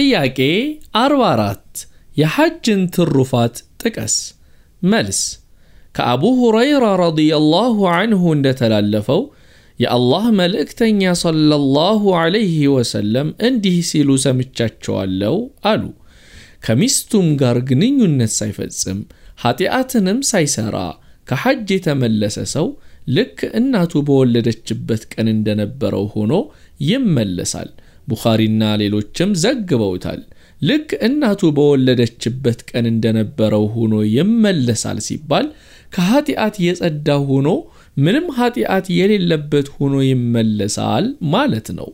ጥያቄ 44 የሐጅን ትሩፋት ጥቀስ። መልስ ከአቡ ሁረይራ ረዲየላሁ አንሁ እንደተላለፈው የአላህ መልእክተኛ ሰለላሁ ዐለይሂ ወሰለም እንዲህ ሲሉ ሰምቻቸዋለሁ አሉ። ከሚስቱም ጋር ግንኙነት ሳይፈጽም ኃጢአትንም ሳይሠራ ከሐጅ የተመለሰ ሰው ልክ እናቱ በወለደችበት ቀን እንደነበረው ሆኖ ይመለሳል። ቡኻሪና ሌሎችም ዘግበውታል። ልክ እናቱ በወለደችበት ቀን እንደነበረው ሆኖ ይመለሳል ሲባል ከኃጢአት የጸዳ ሆኖ ምንም ኃጢአት የሌለበት ሆኖ ይመለሳል ማለት ነው።